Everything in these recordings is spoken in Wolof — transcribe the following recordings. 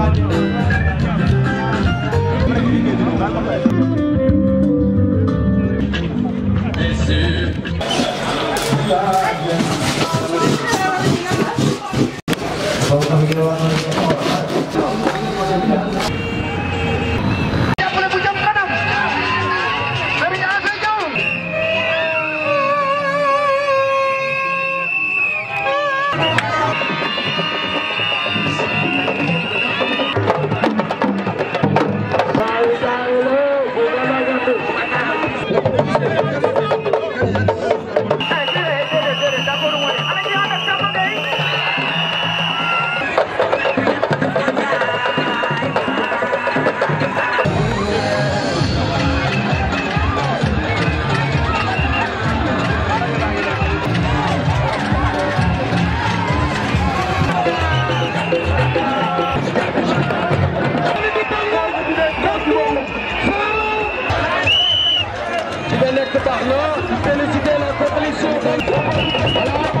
Gracias. devait l'être par là. Féliciter la coalition. Voilà.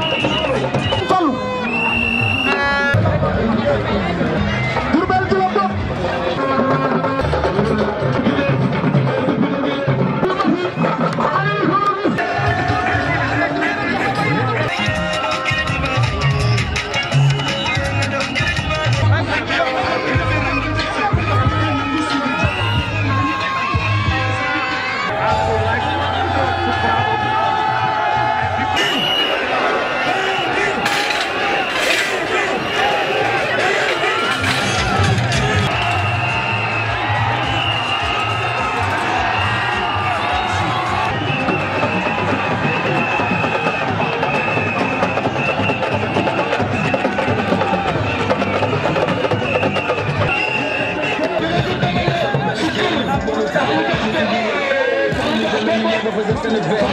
for position is bad.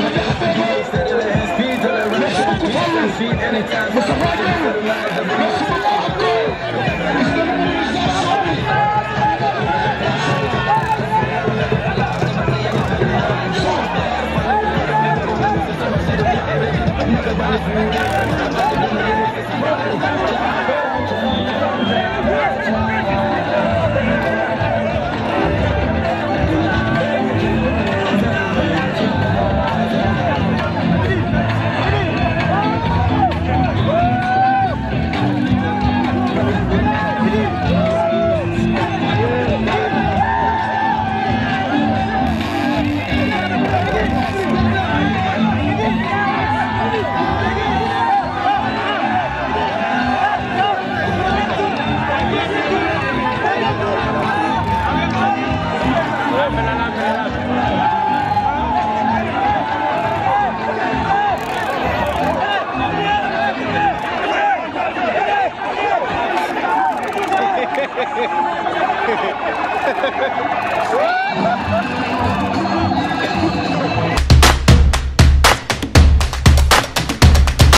Speed to the right. Speed anytime. Mr. Rodman. Mr. Rodman.